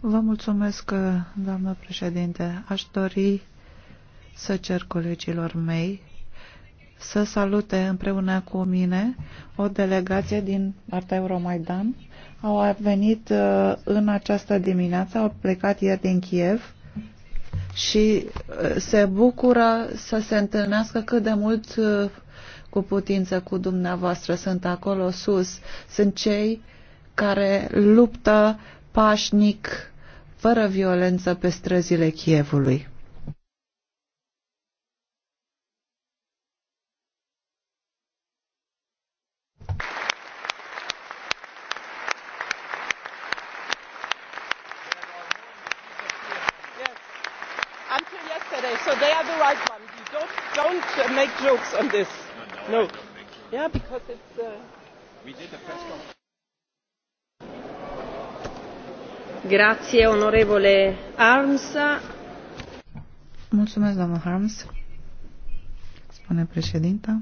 vă mulțumesc doamnă președinte aș dori să cer colegilor mei să salute împreună cu mine o delegație din partea Euromaidan. Au venit uh, în această dimineață, au plecat ieri din Kiev și uh, se bucură să se întâlnească cât de mult uh, cu putință cu dumneavoastră. Sunt acolo sus, sunt cei care luptă pașnic, fără violență pe străzile Chievului. make jokes on this. No. no. Yeah, because it's. Uh... We did a press conference. Grazie, onorevole Arms. Mulțumesc, doamnă Harms. Spune președinta.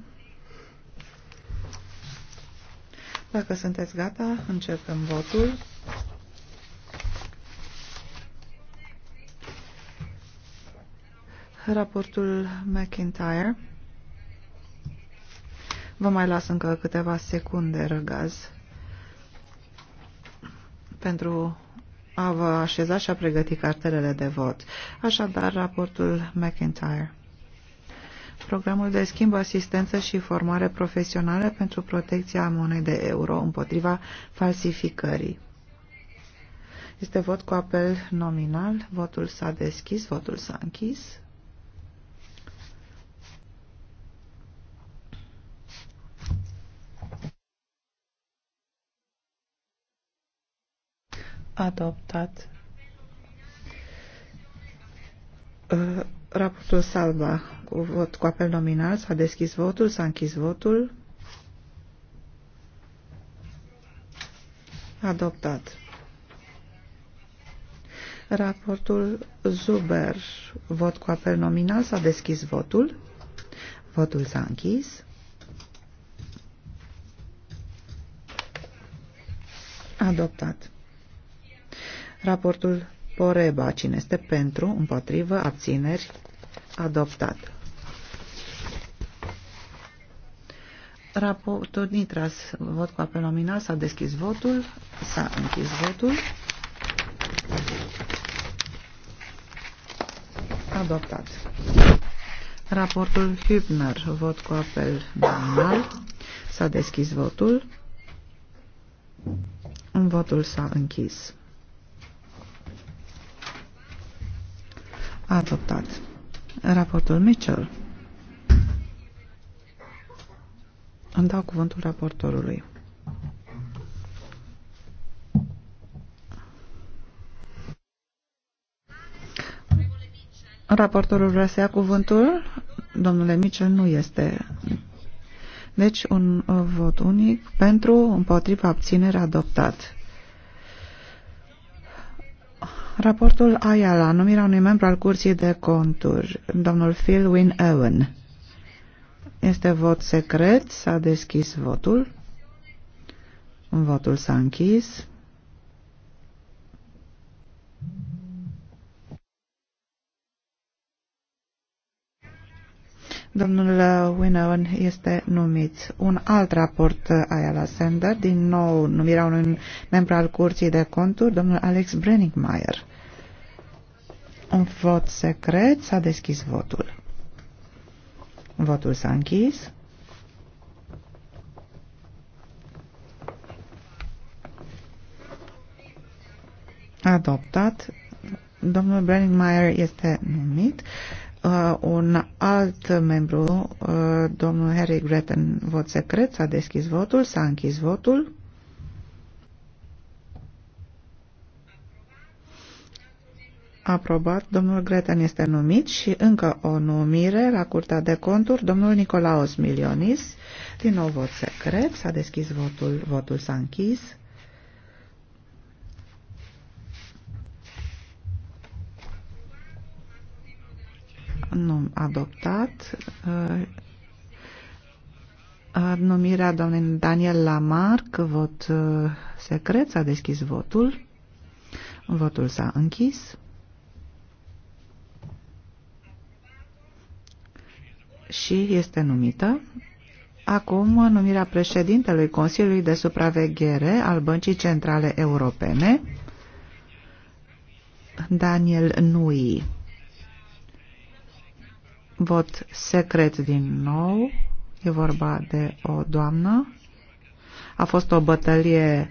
Dacă sunteți gata, începem votul. raportul McIntyre. Vă mai las încă câteva secunde răgaz pentru a vă așeza și a pregăti cartelele de vot. Așadar, raportul McIntyre. Programul de schimb, asistență și formare profesională pentru protecția monedei euro împotriva falsificării. Este vot cu apel nominal. Votul s-a deschis, votul s-a închis. adoptat uh, raportul Salva cu vot cu apel nominal. S-a deschis votul, s-a închis votul. Adoptat. Raportul Zuber, vot cu apel nominal, s-a deschis votul. Votul s-a închis. Adoptat. Raportul Poreba. Cine este pentru, împotrivă, abțineri, adoptat. Raportul Nitras, vot cu apel nominal, s-a deschis votul, s-a închis votul. Adoptat. Raportul Hübner, vot cu apel nominal, s-a deschis votul. Votul s-a închis. Adoptat. Raportul Mitchell. Îmi dau cuvântul raportorului. Raportorul vrea să ia cuvântul. Domnule Mitchell nu este. Deci un vot unic pentru, împotriva, abținere, adoptat. Raportul Ayala, numirea unui membru al Curții de Conturi, domnul Phil Wynne Owen. Este vot secret, s-a deschis votul. Votul s-a închis. Domnul Winnowen este numit. Un alt raport uh, Ayala Sender, din nou numirea unui membru al Curții de Conturi, domnul Alex Brenningmeier. Un vot secret, s-a deschis votul. Votul s-a închis. Adoptat. Domnul Brenningmeier este numit. Uh, un alt membru, uh, domnul Harry Gretton, vot secret, s-a deschis votul, s-a închis votul. Aprobat, domnul Gretan este numit și încă o numire la Curtea de Conturi, domnul Nicolaos Milionis, din nou vot secret, s-a deschis votul, votul s-a închis. nu adoptat. Uh, numirea doamnei Daniel Lamarck, vot uh, secret, s-a deschis votul. Votul s-a închis. Și este numită. Acum, numirea președintelui Consiliului de Supraveghere al Băncii Centrale Europene, Daniel Nui. Vot secret din nou. E vorba de o doamnă. A fost o bătălie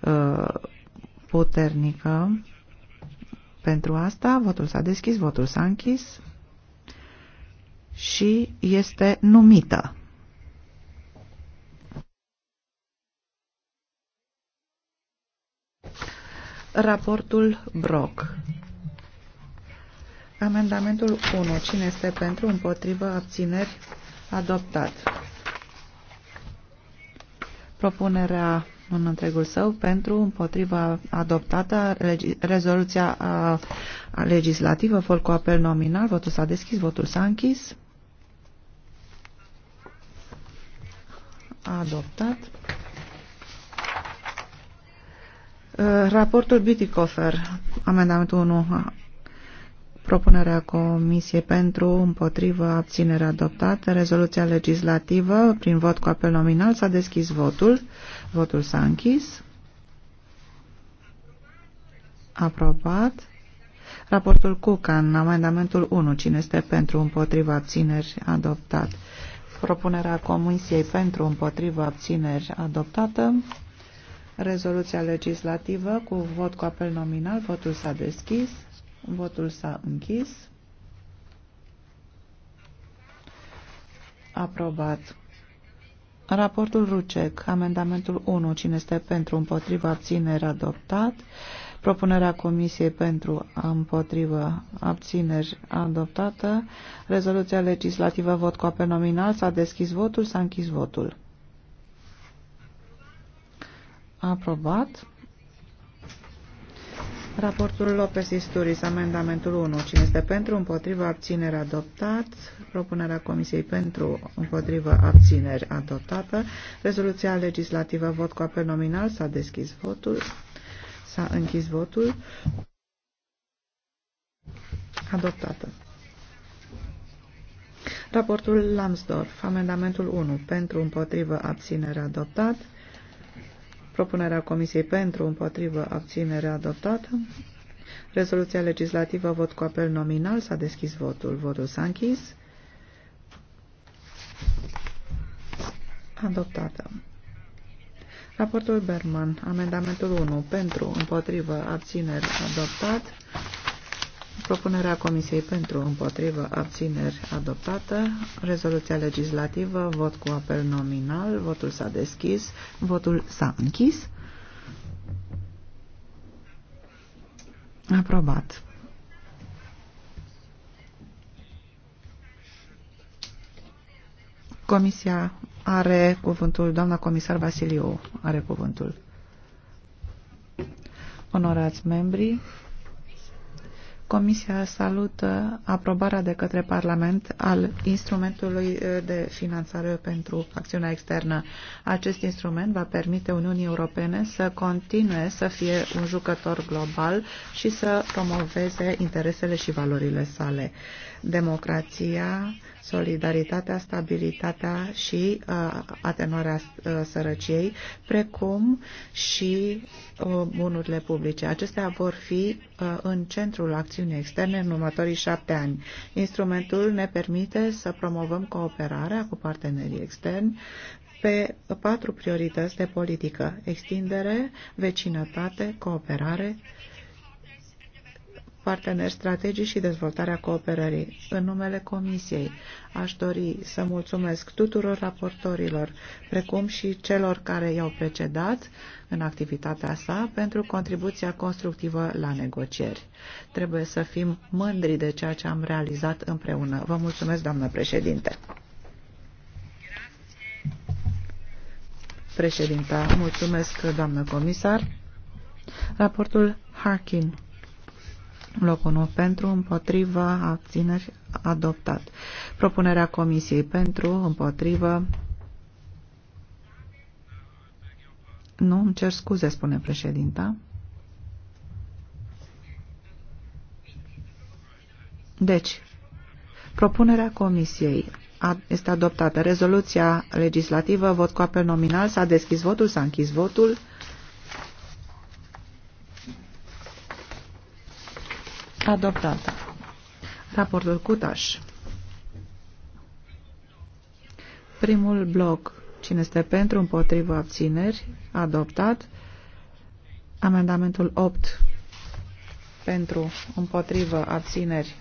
uh, puternică pentru asta. Votul s-a deschis, votul s-a închis și este numită. Raportul Brock Amendamentul 1. Cine este pentru, împotrivă, abțineri, adoptat. Propunerea în întregul său pentru, împotrivă, adoptată, rezoluția a, a legislativă, fol cu apel nominal, votul s-a deschis, votul s-a închis. Adoptat. Raportul Bitticofer, amendamentul 1 Propunerea Comisiei pentru, împotrivă, abținere adoptată. Rezoluția legislativă, prin vot cu apel nominal, s-a deschis votul. Votul s-a închis. Aprobat. Raportul Cucan, amendamentul 1. Cine este pentru, împotrivă, abțineri, adoptat. Propunerea Comisiei pentru, împotrivă, abțineri, adoptată. Rezoluția legislativă cu vot cu apel nominal. Votul s-a deschis. Votul s-a închis. Aprobat. Raportul RUCEC, amendamentul 1, cine este pentru, împotriva, abțineri, adoptat. Propunerea Comisiei pentru, împotriva, abțineri, adoptată. Rezoluția legislativă, vot cu apel nominal, s-a deschis votul, s-a închis votul. Aprobat. Raportul Lopez Isturiz, amendamentul 1. Cine este pentru, împotrivă, abținere, adoptat. Propunerea Comisiei pentru, împotrivă, abțineri, adoptată. Rezoluția legislativă, vot cu apel nominal. S-a deschis votul. S-a închis votul. Adoptată. Raportul Lambsdorff, amendamentul 1. Pentru, împotrivă, abținere, adoptat. Propunerea Comisiei pentru împotrivă abținere adoptată. Rezoluția legislativă vot cu apel nominal. S-a deschis votul. Votul s-a închis. Adoptată. Raportul Berman, amendamentul 1, pentru, împotrivă, abțineri, adoptat. Propunerea Comisiei pentru împotrivă abțineri adoptată. Rezoluția legislativă, vot cu apel nominal, votul s-a deschis, votul s-a închis. Aprobat. Comisia are cuvântul, doamna comisar Vasiliu are cuvântul. Onorați membrii, Comisia salută aprobarea de către Parlament al instrumentului eh, de finanțare pentru acțiunea externă. Acest instrument va permite Uniunii Europene să continue să fie un jucător global și să promoveze interesele și valorile sale democrația, solidaritatea, stabilitatea și uh, atenuarea uh, sărăciei, precum și uh, bunurile publice. Acestea vor fi uh, în centrul acțiunii externe în următorii șapte ani. Instrumentul ne permite să promovăm cooperarea cu partenerii externi pe patru priorități de politică, extindere, vecinătate, cooperare parteneri strategici și dezvoltarea cooperării. În numele Comisiei aș dori să mulțumesc tuturor raportorilor, precum și celor care i-au precedat în activitatea sa pentru contribuția constructivă la negocieri. Trebuie să fim mândri de ceea ce am realizat împreună. Vă mulțumesc, doamnă președinte. Președinta, mulțumesc, doamnă comisar. Raportul Harkin locul 1 pentru, împotrivă, abțineri, adoptat. Propunerea Comisiei pentru, împotrivă, nu, îmi cer scuze, spune președinta. Deci, propunerea Comisiei este adoptată. Rezoluția legislativă, vot cu apel nominal, s-a deschis votul, s-a închis votul. Adoptată. Raportul Cutaș. Primul bloc. Cine este pentru, împotrivă, abțineri? Adoptat. Amendamentul 8. Pentru, împotrivă, abțineri?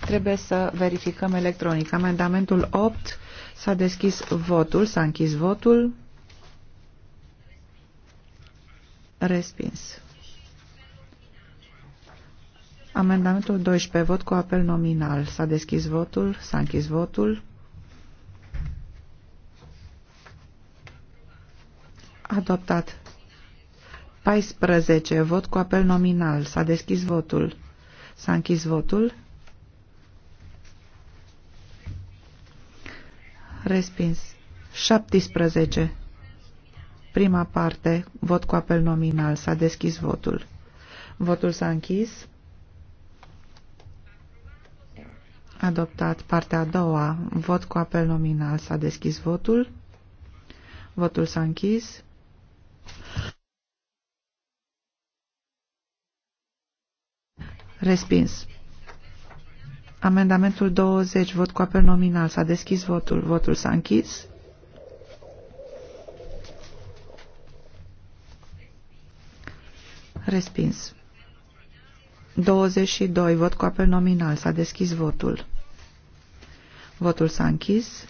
Trebuie să verificăm electronic. Amendamentul 8. S-a deschis votul, s-a închis votul. Respins. Amendamentul 12. Vot cu apel nominal. S-a deschis votul. S-a închis votul. Adoptat. 14. Vot cu apel nominal. S-a deschis votul. S-a închis votul. Respins. 17. Prima parte, vot cu apel nominal. S-a deschis votul. Votul s-a închis. Adoptat. Partea a doua, vot cu apel nominal. S-a deschis votul. Votul s-a închis. Respins. Amendamentul 20, vot cu apel nominal. S-a deschis votul. Votul s-a închis. Respins. 22. Vot cu apel nominal. S-a deschis votul. Votul s-a închis.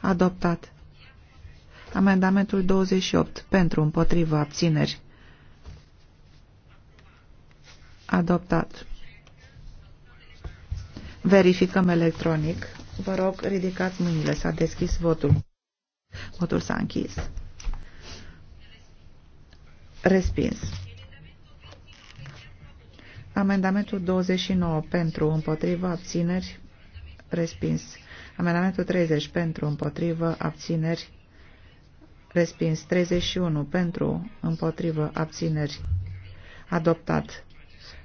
Adoptat. Amendamentul 28. Pentru, împotrivă, abțineri. Adoptat. Verificăm electronic. Vă rog, ridicați mâinile. S-a deschis votul. Votul s-a închis. Respins. Amendamentul 29 pentru împotrivă abțineri. Respins. Amendamentul 30 pentru împotrivă abțineri. Respins. 31 pentru împotrivă abțineri. Adoptat.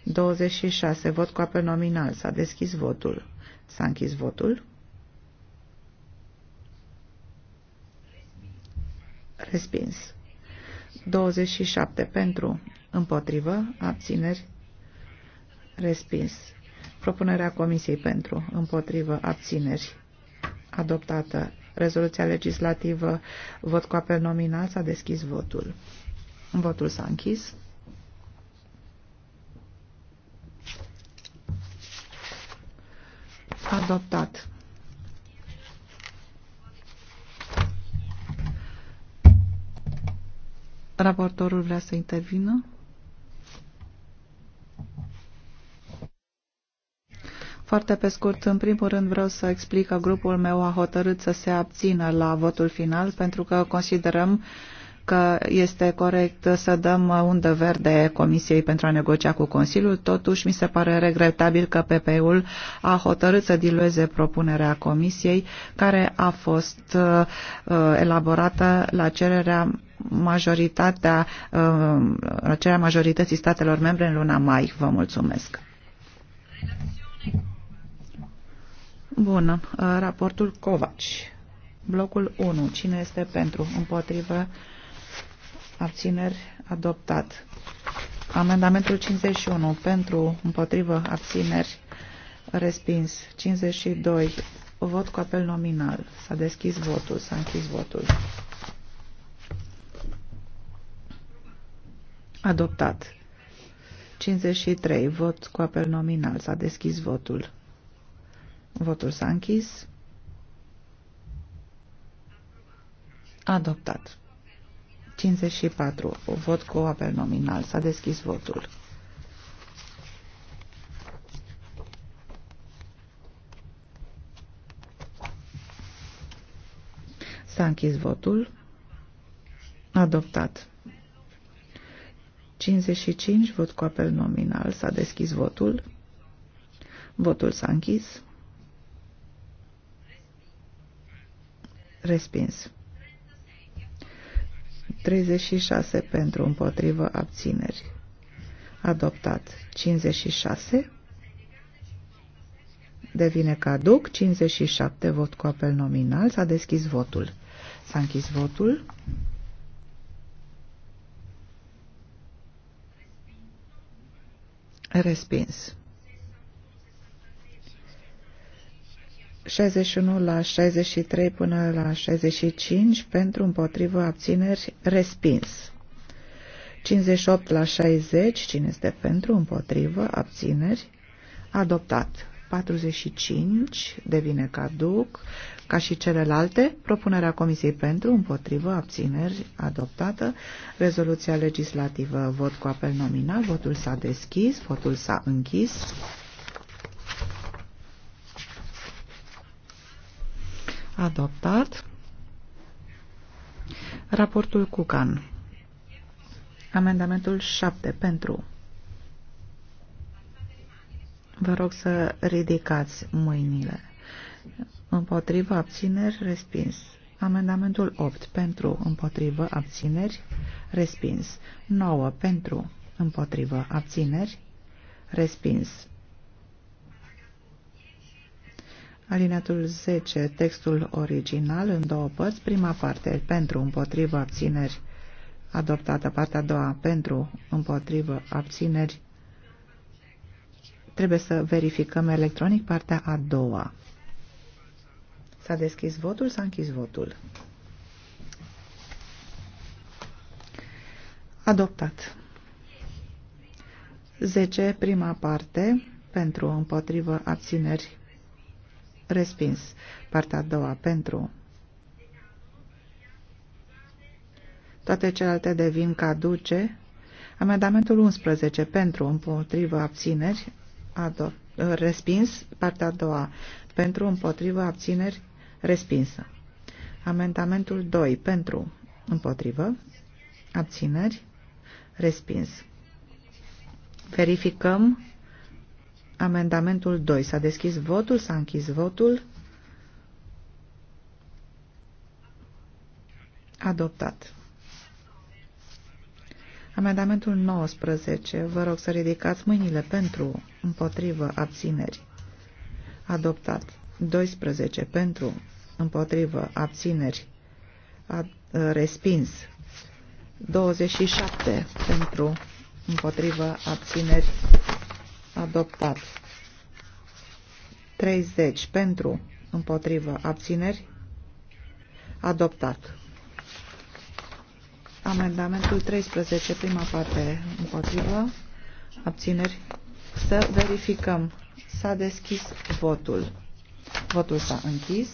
26. Vot cu apel nominal. S-a deschis votul. S-a închis votul. Respins. 27 pentru, împotrivă, abțineri, respins. Propunerea Comisiei pentru, împotrivă, abțineri, adoptată. Rezoluția legislativă, vot cu apel nominal, s-a deschis votul. Votul s-a închis. Adoptat. Raportorul vrea să intervină. Foarte pe scurt, în primul rând vreau să explic că grupul meu a hotărât să se abțină la votul final pentru că considerăm că este corect să dăm undă verde Comisiei pentru a negocia cu Consiliul. Totuși, mi se pare regretabil că PP-ul a hotărât să dilueze propunerea Comisiei, care a fost uh, uh elaborată la cererea majoritatea, uh, cererea majorității statelor membre în luna mai. Vă mulțumesc. Bună. Uh, raportul Covaci. Blocul 1. Cine este pentru? Împotrivă? Abțineri? Adoptat. Amendamentul 51. Pentru? Împotrivă? Abțineri? Respins. 52. Vot cu apel nominal. S-a deschis votul. S-a închis votul. Adoptat. 53. Vot cu apel nominal. S-a deschis votul. Votul s-a închis. Adoptat. 54. Vot cu apel nominal. S-a deschis votul. S-a închis votul. Adoptat. 55, vot cu apel nominal, s-a deschis votul. Votul s-a închis. Respins. 36 pentru împotrivă abțineri. Adoptat. 56 devine caduc. 57 vot cu apel nominal. S-a deschis votul. S-a închis votul. Respins. 61 la 63 până la 65 pentru împotrivă abțineri respins. 58 la 60, cine este pentru împotrivă abțineri, adoptat. 45 devine caduc, ca și celelalte, propunerea Comisiei pentru, împotrivă, abțineri, adoptată, rezoluția legislativă, vot cu apel nominal, votul s-a deschis, votul s-a închis. Adoptat. Raportul Cucan. Amendamentul 7 pentru Vă rog să ridicați mâinile. Împotrivă abțineri, respins. Amendamentul 8 pentru împotrivă abțineri, respins. 9 pentru împotrivă abțineri, respins. Alineatul 10, textul original în două părți, prima parte pentru împotrivă abțineri, adoptată partea a doua pentru împotrivă abțineri, Trebuie să verificăm electronic partea a doua. S-a deschis votul, s-a închis votul. Adoptat. 10. Prima parte. Pentru, împotrivă, abțineri. Respins. Partea a doua. Pentru. Toate celelalte devin caduce. Amendamentul 11. Pentru, împotrivă, abțineri adopt, respins, partea a doua, pentru, împotrivă, abțineri, respinsă. Amendamentul 2, pentru, împotrivă, abțineri, respins. Verificăm amendamentul 2. S-a deschis votul, s-a închis votul. Adoptat. Amendamentul 19. Vă rog să ridicați mâinile pentru, împotrivă, abțineri. Adoptat. 12. Pentru, împotrivă, abțineri. Ad, ă, respins. 27. Pentru, împotrivă, abțineri. Adoptat. 30. Pentru, împotrivă, abțineri. Adoptat. Amendamentul 13, prima parte, împotrivă, abțineri. Să verificăm. S-a deschis votul. Votul s-a închis.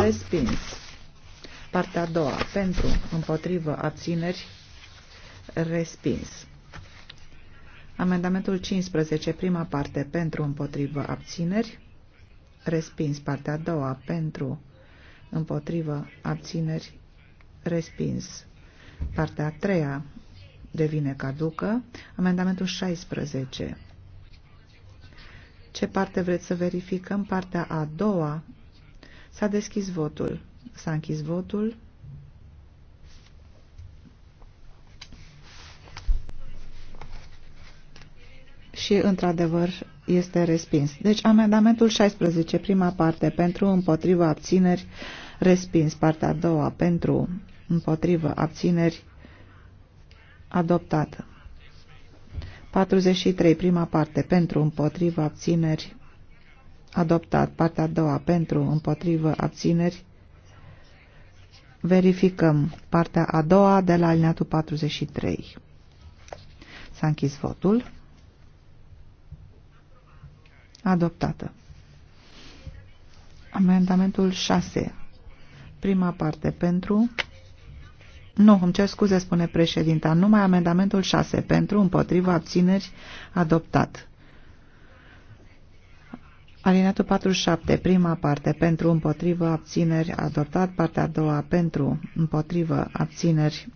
Respins. Partea a doua, pentru, împotrivă, abțineri, respins. Amendamentul 15, prima parte, pentru, împotrivă, abțineri, respins. Partea a doua, pentru, împotrivă, abțineri, respins. Partea a treia devine caducă. Amendamentul 16. Ce parte vreți să verificăm? Partea a doua. S-a deschis votul. S-a închis votul. Și, într-adevăr, este respins. Deci amendamentul 16, prima parte, pentru, împotrivă, abțineri, respins. Partea a doua, pentru, împotrivă, abțineri, adoptată. 43, prima parte, pentru, împotrivă, abțineri, adoptat. Partea a doua, pentru, împotrivă, abțineri, verificăm. Partea a doua de la alineatul 43. S-a închis votul. Adoptată. Amendamentul 6. Prima parte pentru... Nu, îmi cer scuze, spune președinta. Numai amendamentul 6 pentru, împotriva, abțineri, adoptat. Alineatul 47, prima parte, pentru, împotrivă, abțineri, adoptat. Partea a doua, pentru, împotrivă, abțineri,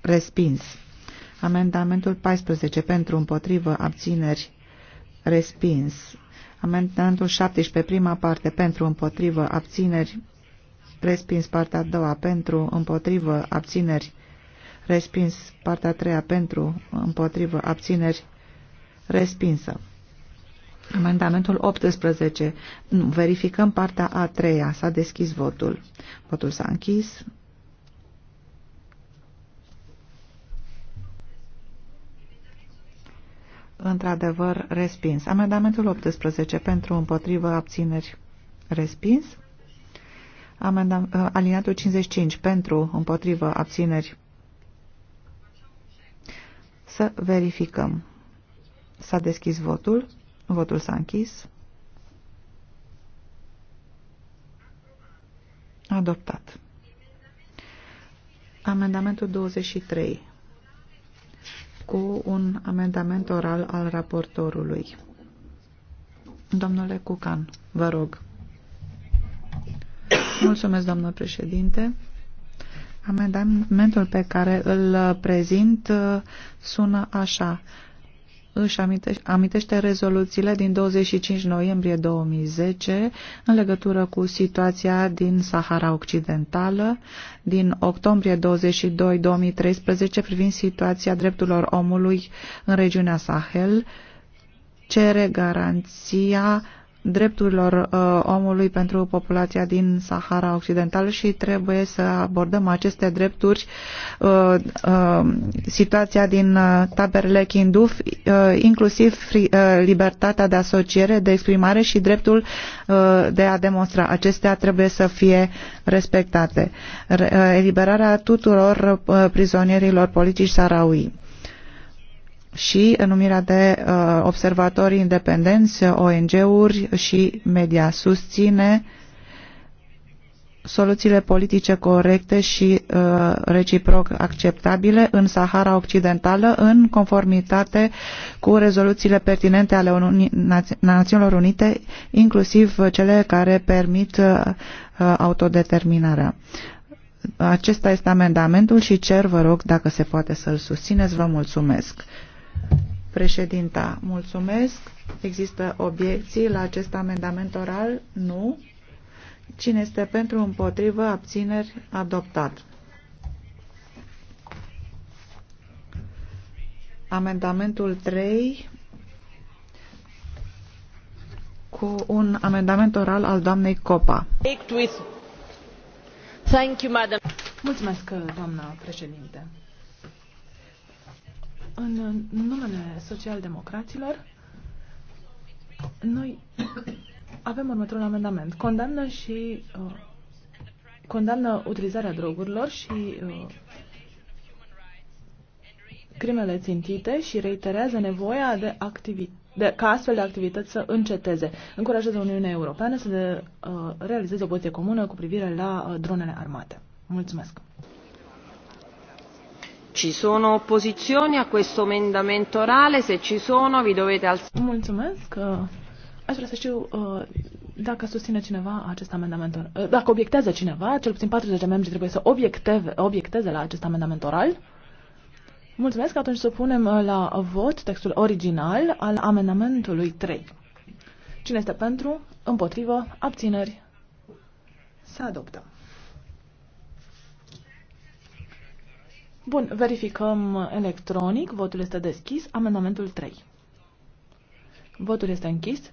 respins. Amendamentul 14, pentru, împotrivă, abțineri, Respins. Amendamentul 17, prima parte, pentru, împotrivă, abțineri. Respins partea a doua, pentru, împotrivă, abțineri. Respins partea a treia, pentru, împotrivă, abțineri. Respinsă. Amendamentul 18. Nu, verificăm partea a treia. S-a deschis votul. Votul s-a închis. într-adevăr respins. Amendamentul 18 pentru împotrivă abțineri respins. Amendam, uh, alineatul 55 pentru împotrivă abțineri. Să verificăm. S-a deschis votul. Votul s-a închis. Adoptat. Amendamentul 23 cu un amendament oral al raportorului. Domnule Cucan, vă rog. Mulțumesc, doamnă președinte. Amendamentul pe care îl prezint sună așa își amintește rezoluțiile din 25 noiembrie 2010 în legătură cu situația din Sahara Occidentală, din octombrie 22 2013 privind situația drepturilor omului în regiunea Sahel, cere garanția drepturilor uh, omului pentru populația din Sahara Occidental și trebuie să abordăm aceste drepturi, uh, uh, situația din taberele Kinduf, inclusiv libertatea de asociere, de exprimare și dreptul de a demonstra. Acestea trebuie să fie respectate. Eliberarea tuturor prizonierilor politici sarauii și numirea de uh, observatori independenți, ONG-uri și media susține soluțiile politice corecte și uh, reciproc acceptabile în Sahara Occidentală în conformitate cu rezoluțiile pertinente ale Uni Națiunilor Unite, inclusiv cele care permit uh, autodeterminarea. Acesta este amendamentul și cer, vă rog, dacă se poate să-l susțineți, vă mulțumesc. Președinta, mulțumesc. Există obiecții la acest amendament oral? Nu. Cine este pentru, împotrivă, abțineri, adoptat. Amendamentul 3 cu un amendament oral al doamnei Copa. Mulțumesc, doamna președinte. În numele socialdemocraților, noi avem următorul amendament. Condamnă și uh, condamnă utilizarea drogurilor și uh, crimele țintite și reiterează nevoia de activitate de, ca astfel de activități să înceteze. Încurajează Uniunea Europeană să de, uh, realizeze o poziție comună cu privire la uh, dronele armate. Mulțumesc! Ci sono opposizioni a questo emendamento orale? Se ci sono, vi dovete alzare. Mulțumesc. Uh, aș vrea să știu uh, dacă susține cineva acest amendament. Uh, dacă obiectează cineva, cel puțin 40 de membri trebuie să obiecteve, obiecteze la acest amendament oral. Mulțumesc. Atunci să punem la vot textul original al amendamentului 3. Cine este pentru? Împotrivă? Abțineri? Să adoptăm. Bun, verificăm electronic. Votul este deschis. Amendamentul 3. Votul este închis.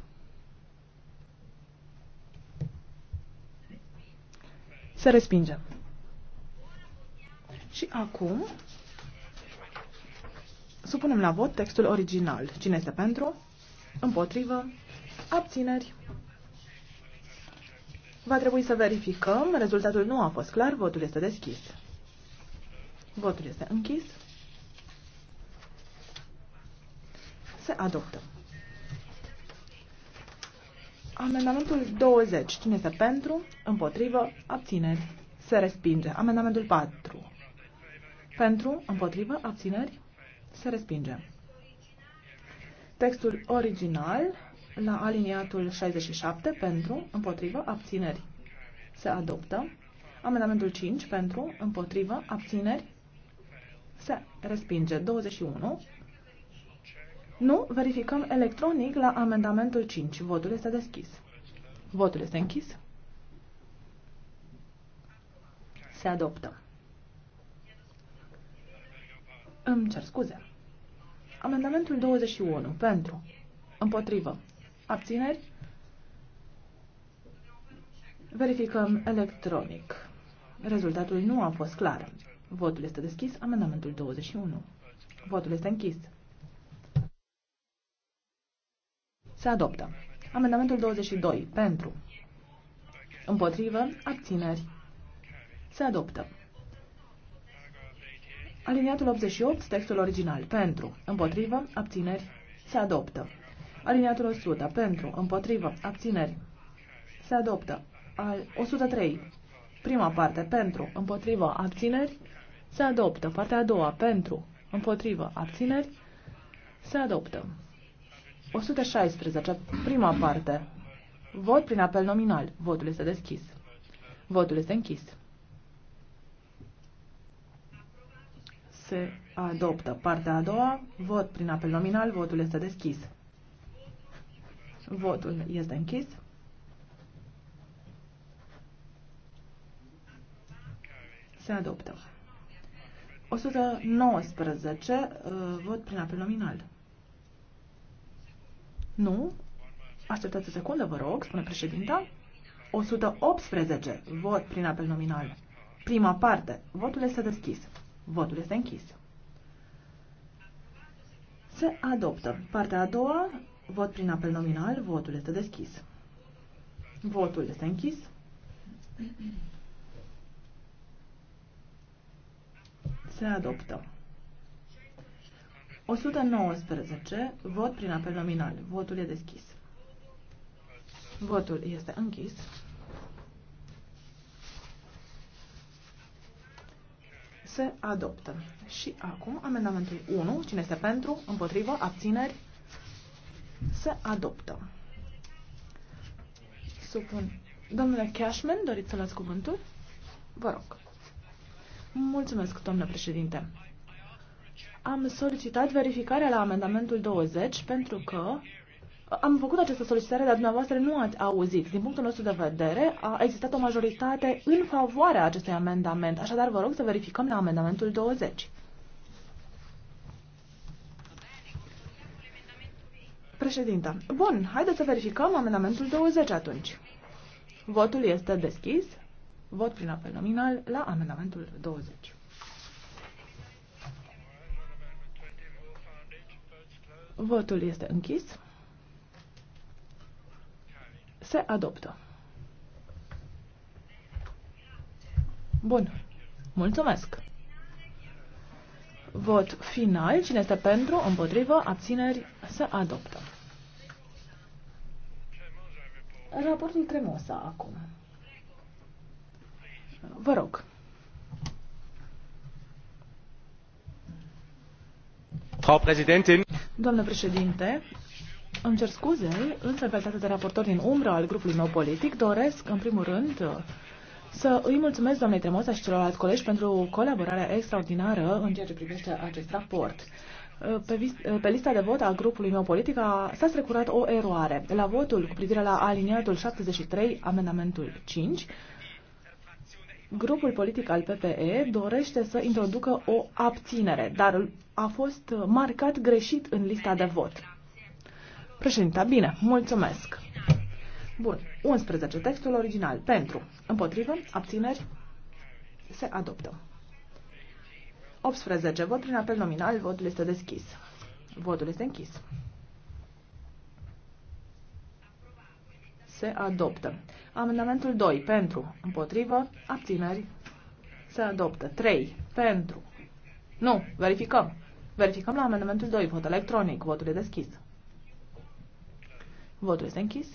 Se respinge. Și acum supunem la vot textul original. Cine este pentru? Împotrivă? Abțineri? Va trebui să verificăm. Rezultatul nu a fost clar. Votul este deschis. Votul este închis. Se adoptă. Amendamentul 20. Cine este pentru? Împotrivă? Abțineri? Se respinge. Amendamentul 4. Pentru? Împotrivă? Abțineri? Se respinge. Textul original la aliniatul 67 pentru, împotrivă, abțineri. Se adoptă. Amendamentul 5 pentru, împotrivă, abțineri. Se respinge. 21. Nu? Verificăm electronic la amendamentul 5. Votul este deschis. Votul este închis. Se adoptă. Îmi cer scuze. Amendamentul 21. Pentru. Împotrivă. Abțineri. Verificăm electronic. Rezultatul nu a fost clar. Votul este deschis. Amendamentul 21. Votul este închis. Se adoptă. Amendamentul 22. Pentru. Împotrivă. Abțineri. Se adoptă. Aliniatul 88, textul original. Pentru. Împotrivă. Abțineri. Se adoptă. Aliniatul 100. Pentru. Împotrivă. Abțineri. Se adoptă. Al 103. Prima parte. Pentru. Împotrivă. Abțineri. Se adoptă. Partea a doua. Pentru. Împotrivă. Abțineri. Se adoptă. 116. Prima parte. Vot prin apel nominal. Votul este deschis. Votul este închis. Se adoptă. Partea a doua. Vot prin apel nominal. Votul este deschis. Votul este închis. Se adoptă. 119, uh, vot prin apel nominal. Nu? Așteptați o secundă, vă rog, spune președinta. 118, vot prin apel nominal. Prima parte, votul este deschis. Votul este închis. Se adoptă. Partea a doua, vot prin apel nominal, votul este deschis. Votul este închis. Se adoptă. 119. Vot prin apel nominal. Votul e deschis. Votul este închis. Se adoptă. Și acum amendamentul 1. Cine este pentru? Împotrivă? Abțineri? Se adoptă. Supun. Domnule Cashman, doriți să luați cuvântul? Vă rog. Mulțumesc, doamnă președinte. Am solicitat verificarea la amendamentul 20 pentru că am făcut această solicitare, dar dumneavoastră nu ați auzit. Din punctul nostru de vedere, a existat o majoritate în favoarea acestui amendament. Așadar, vă rog să verificăm la amendamentul 20. Președinte, Bun, haideți să verificăm amendamentul 20 atunci. Votul este deschis. Vot prin apel nominal la amendamentul 20. Votul este închis. Se adoptă. Bun. Mulțumesc. Vot final. Cine este pentru, împotrivă, abțineri, se adoptă. Raportul Cremosa acum. Vă rog. Frau Präsidentin. Doamnă președinte, îmi cer scuze, însă pe calitate de raportor din umbră al grupului meu politic, doresc, în primul rând, să îi mulțumesc doamnei Tremosa și celorlalți colegi pentru colaborarea extraordinară în ceea ce privește acest raport. Pe, pe lista de vot a grupului meu politic a, s-a strecurat o eroare. La votul cu privire la aliniatul 73, amendamentul 5, grupul politic al PPE dorește să introducă o abținere, dar a fost marcat greșit în lista de vot. Președinta, bine, mulțumesc. Bun, 11. Textul original. Pentru. Împotrivă. Abțineri. Se adoptă. 18. Vot prin apel nominal. Votul este deschis. Votul este închis. se adoptă. Amendamentul 2 pentru, împotrivă, abțineri, se adoptă. 3 pentru. Nu, verificăm. Verificăm la amendamentul 2, vot electronic, votul e deschis. Votul este închis.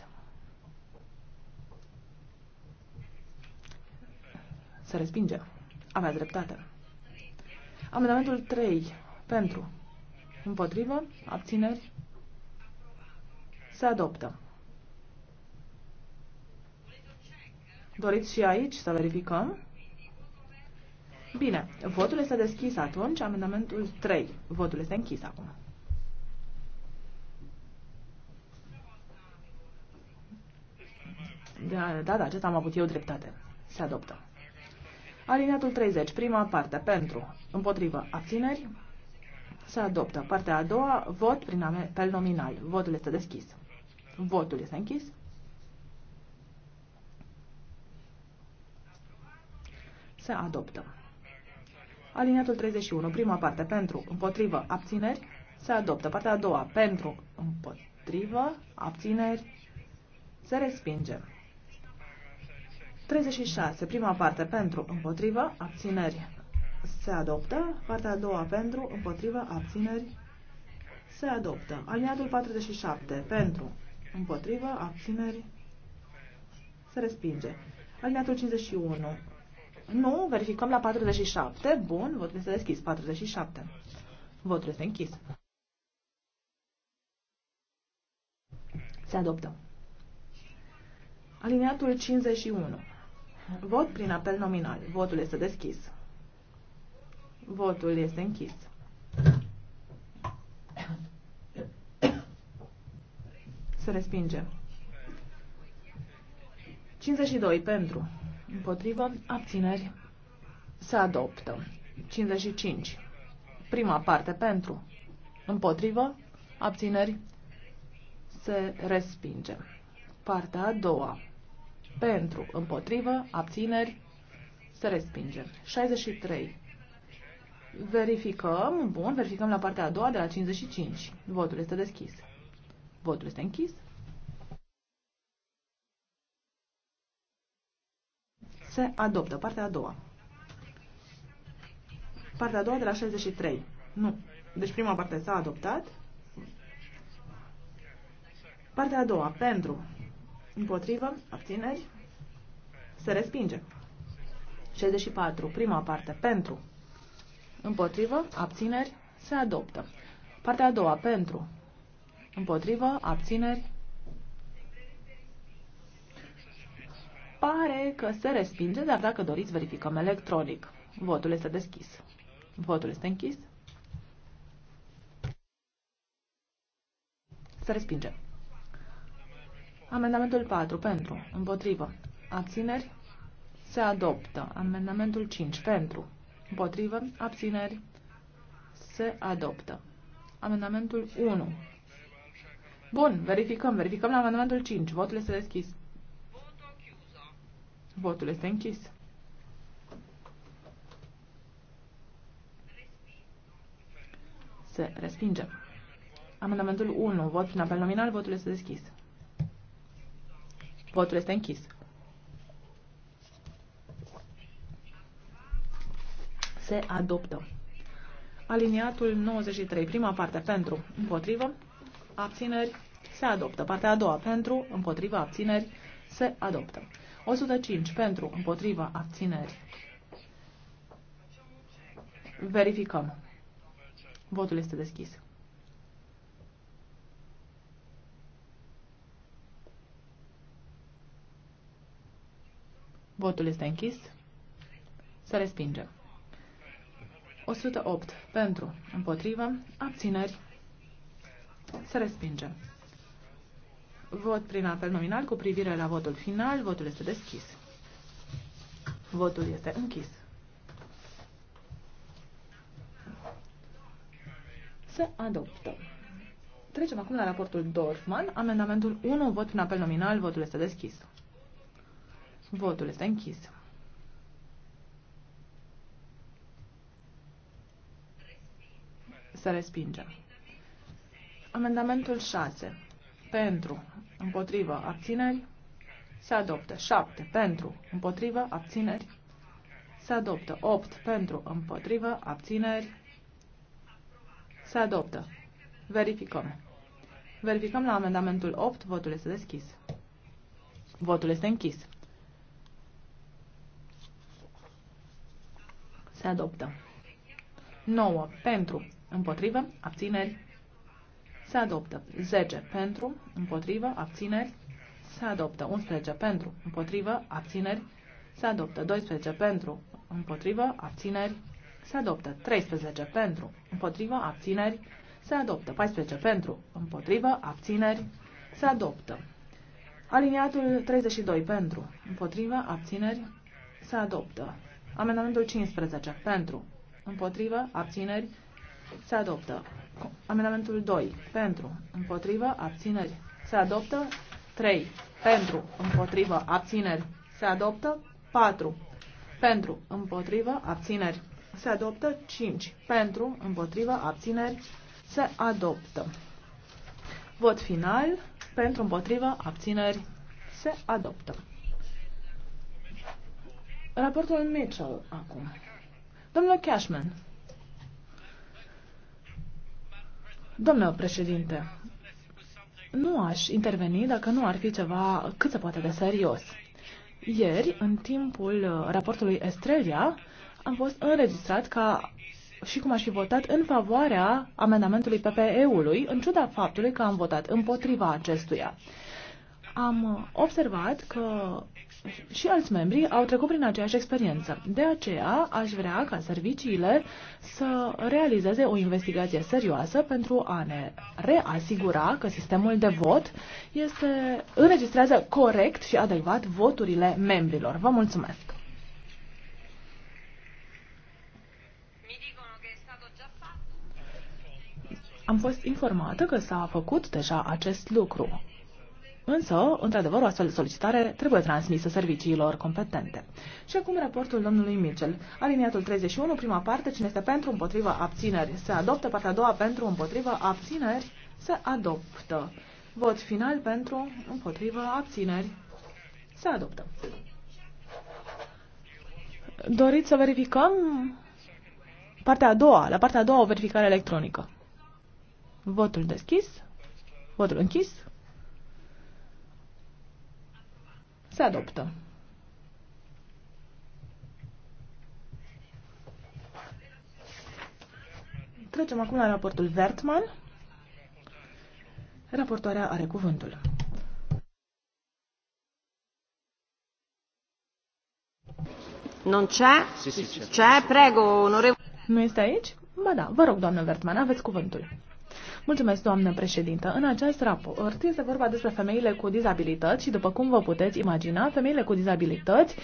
Se respinge. Avea dreptate. Amendamentul 3 pentru, împotrivă, abțineri, se adoptă. Doriți și aici să verificăm? Bine, votul este deschis atunci, amendamentul 3. Votul este închis acum. Da, da, da, acesta am avut eu dreptate. Se adoptă. Alineatul 30, prima parte, pentru, împotrivă, abțineri, se adoptă. Partea a doua, vot prin apel nominal. Votul este deschis. Votul este închis. Se adoptă. Alineatul 31, prima parte, pentru, împotrivă, abțineri, se adoptă. Partea a doua, pentru, împotrivă, abțineri, se respinge. 36, prima parte, pentru, împotrivă, abțineri, se adoptă. Partea a doua, pentru, împotrivă, abțineri, se adoptă. Alineatul 47, pentru, împotrivă, abțineri, se respinge. Alineatul 51, nu, verificăm la 47. Bun, votul este deschis. 47. Votul este închis. Se adoptă. Alineatul 51. Vot prin apel nominal. Votul este deschis. Votul este închis. Se respinge. 52 pentru. Împotrivă. Abțineri. Se adoptă. 55. Prima parte pentru. Împotrivă. Abțineri. Se respinge. Partea a doua. Pentru. Împotrivă. Abțineri. Se respinge. 63. Verificăm. Bun. Verificăm la partea a doua de la 55. Votul este deschis. Votul este închis. Se adoptă. Partea a doua. Partea a doua de la 63. Nu. Deci prima parte s-a adoptat. Partea a doua. Pentru. Împotrivă. Abțineri. Se respinge. 64. Prima parte. Pentru. Împotrivă. Abțineri. Se adoptă. Partea a doua. Pentru. Împotrivă. Abțineri. pare că se respinge, dar dacă doriți, verificăm electronic. Votul este deschis. Votul este închis. Se respinge. Amendamentul 4. Pentru. Împotrivă. Abțineri. Se adoptă. Amendamentul 5. Pentru. Împotrivă. Abțineri. Se adoptă. Amendamentul 1. Bun, verificăm. Verificăm la amendamentul 5. Votul este deschis. Votul este închis. Se respinge. Amendamentul 1. Vot prin apel nominal. Votul este deschis. Votul este închis. Se adoptă. Aliniatul 93. Prima parte pentru, împotrivă, abțineri, se adoptă. Partea a doua pentru, împotrivă, abțineri, se adoptă. 105 pentru, împotriva, abțineri. Verificăm. Votul este deschis. Votul este închis. Să respingem. 108 pentru, împotrivă, abțineri. Să respingem. Vot prin apel nominal cu privire la votul final. Votul este deschis. Votul este închis. Se adoptă. Trecem acum la raportul Dorfman. Amendamentul 1, vot prin apel nominal, votul este deschis. Votul este închis. Se respinge. Amendamentul 6. Pentru împotrivă, abțineri, se adoptă. 7 pentru, împotrivă, abțineri, se adoptă. 8 pentru, împotrivă, abțineri, se adoptă. Verificăm. Verificăm la amendamentul 8, votul este deschis. Votul este închis. Se adoptă. 9 pentru, împotrivă, abțineri, se adoptă. 10 pentru, împotrivă, abțineri, se adoptă. 11 pentru, împotrivă, abțineri, se adoptă. 12 pentru, împotrivă, abțineri, se adoptă. 13 pentru, împotrivă, abțineri, se adoptă. 14 pentru, împotrivă, abțineri, se adoptă. Aliniatul 32 pentru, împotrivă, abțineri, se adoptă. Amendamentul 15 pentru, împotrivă, abțineri, se adoptă. Amendamentul 2. Pentru. Împotrivă. Abțineri. Se adoptă. 3. Pentru. Împotrivă. Abțineri. Se adoptă. 4. Pentru. Împotrivă. Abțineri. Se adoptă. 5. Pentru. Împotrivă. Abțineri. Se adoptă. Vot final. Pentru. Împotrivă. Abțineri. Se adoptă. Raportul Mitchell acum. Domnule Cashman. Domnule președinte, nu aș interveni dacă nu ar fi ceva cât se poate de serios. Ieri, în timpul uh, raportului Estrelia, am fost înregistrat ca și cum aș fi votat în favoarea amendamentului PPE-ului, în ciuda faptului că am votat împotriva acestuia. Am observat că și alți membri au trecut prin aceeași experiență. De aceea aș vrea ca serviciile să realizeze o investigație serioasă pentru a ne reasigura că sistemul de vot este, înregistrează corect și adecvat voturile membrilor. Vă mulțumesc! Am fost informată că s-a făcut deja acest lucru. Însă, într-adevăr, o astfel de solicitare trebuie transmisă serviciilor competente. Și acum raportul domnului Mitchell. Aliniatul 31, prima parte, cine este pentru împotriva abțineri se adoptă, partea a doua pentru împotriva abțineri se adoptă. Vot final pentru împotriva abțineri se adoptă. Doriți să verificăm partea a doua, la partea a doua o verificare electronică. Votul deschis, votul închis. Se adoptă. Trecem acum la raportul Vertman. Raportoarea are cuvântul. Non c'è? C'è, prego, onorevole. Nu este aici? Ba da, vă rog, doamnă Vertman, aveți cuvântul. Mulțumesc, doamnă președintă. În acest raport este vorba despre femeile cu dizabilități și, după cum vă puteți imagina, femeile cu dizabilități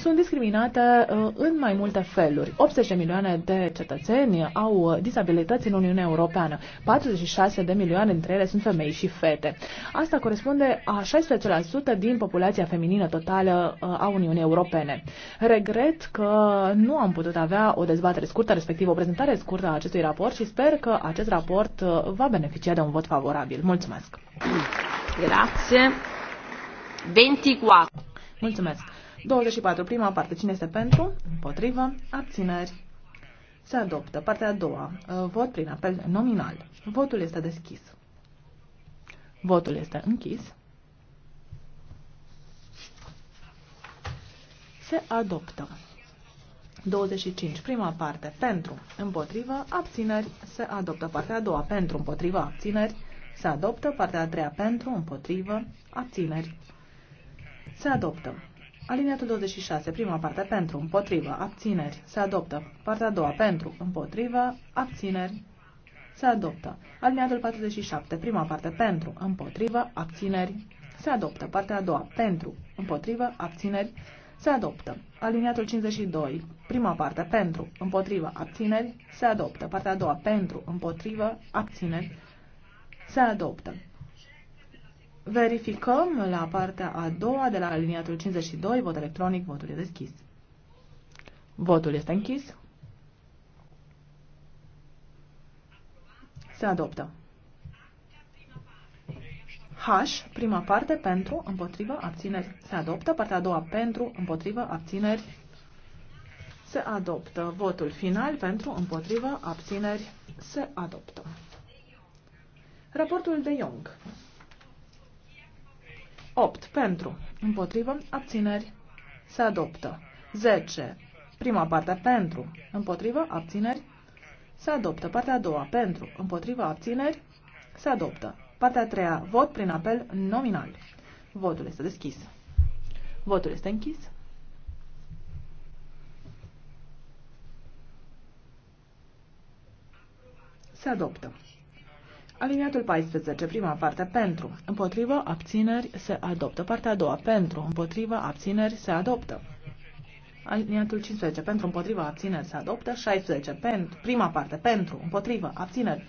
sunt discriminate uh, în mai multe feluri. 80 de milioane de cetățeni au uh, disabilități în Uniunea Europeană. 46 de milioane dintre ele sunt femei și fete. Asta corespunde a 16% din populația feminină totală uh, a Uniunii Europene. Regret că nu am putut avea o dezbatere scurtă, respectiv o prezentare scurtă a acestui raport și sper că acest raport va beneficia de un vot favorabil. Mulțumesc! Grazie! 24. Mulțumesc! 24. Prima parte. Cine este pentru? Împotrivă. Abțineri. Se adoptă. Partea a doua. Uh, vot prin apel nominal. Votul este deschis. Votul este închis. Se adoptă. 25. Prima parte. Pentru. Împotrivă. Abțineri. Se adoptă. Partea a doua. Pentru. Împotrivă. Abțineri. Se adoptă. Partea a treia. Pentru. Împotrivă. Abțineri. Se adoptă. Alineatul 26, prima parte, pentru, împotrivă, abțineri, se adoptă. Partea a doua, pentru, împotrivă, abțineri, se adoptă. Alineatul 47, prima parte, pentru, împotrivă, abțineri, se adoptă. Partea a doua, pentru, împotrivă, abțineri, se adoptă. Aliniatul 52, prima parte, pentru, împotrivă, abțineri, se adoptă. Partea a doua, pentru, împotrivă, abțineri, se adoptă. Verificăm la partea a doua de la aliniatul 52, vot electronic, votul e deschis. Votul este închis. Se adoptă. H, prima parte, pentru, împotrivă, abțineri, se adoptă. Partea a doua, pentru, împotrivă, abțineri, se adoptă. Votul final, pentru, împotrivă, abțineri, se adoptă. Raportul de Young. 8 pentru, împotrivă, abțineri, se adoptă. 10. Prima parte pentru, împotrivă, abțineri, se adoptă. Partea a doua pentru, împotrivă, abțineri, se adoptă. Partea a treia, vot prin apel nominal. Votul este deschis. Votul este închis. Se adoptă. Aliniatul 14, prima parte, pentru. Împotrivă, abțineri, se adoptă. Partea a doua, pentru. Împotrivă, abțineri, se adoptă. Aliniatul 15, pentru. Împotrivă, abțineri, se adoptă. 16, pentru. Prima parte, pentru. Împotrivă, abțineri,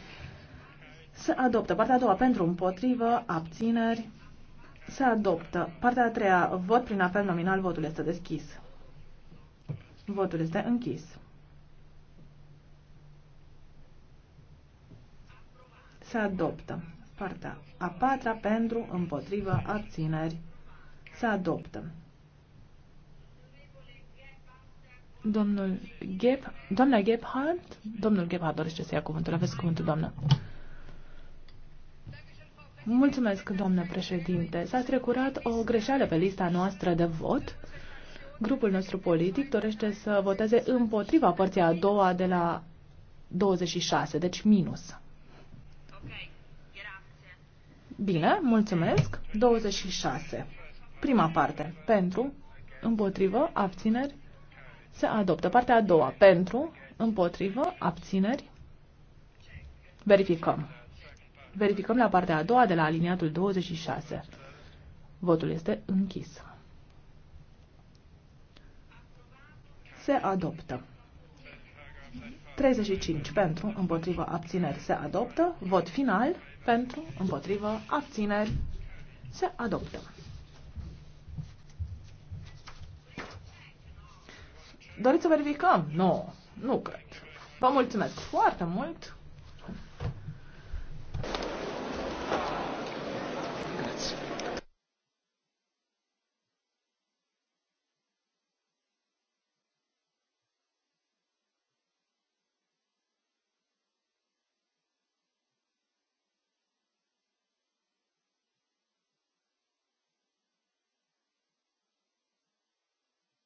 se adoptă. Partea a doua, pentru. Împotrivă, abțineri, se adoptă. Partea a treia, vot prin apel nominal, votul este deschis. Votul este închis. se adoptă. Partea a patra pentru, împotrivă, abțineri, se adoptă. Domnul Gep, doamna Gebhardt, domnul Gebhardt dorește să ia cuvântul. Aveți cuvântul, doamnă. Mulțumesc, doamnă președinte. S-a trecurat o greșeală pe lista noastră de vot. Grupul nostru politic dorește să voteze împotriva părții a doua de la 26, deci minus. Bine, mulțumesc. 26. Prima parte. Pentru, împotrivă, abțineri, se adoptă. Partea a doua. Pentru, împotrivă, abțineri, verificăm. Verificăm la partea a doua de la aliniatul 26. Votul este închis. Se adoptă. 35 pentru, împotrivă, abțineri, se adoptă. Vot final pentru, împotrivă, abțineri, se adoptă. Doriți să verificăm? Nu, nu cred. Vă mulțumesc foarte mult!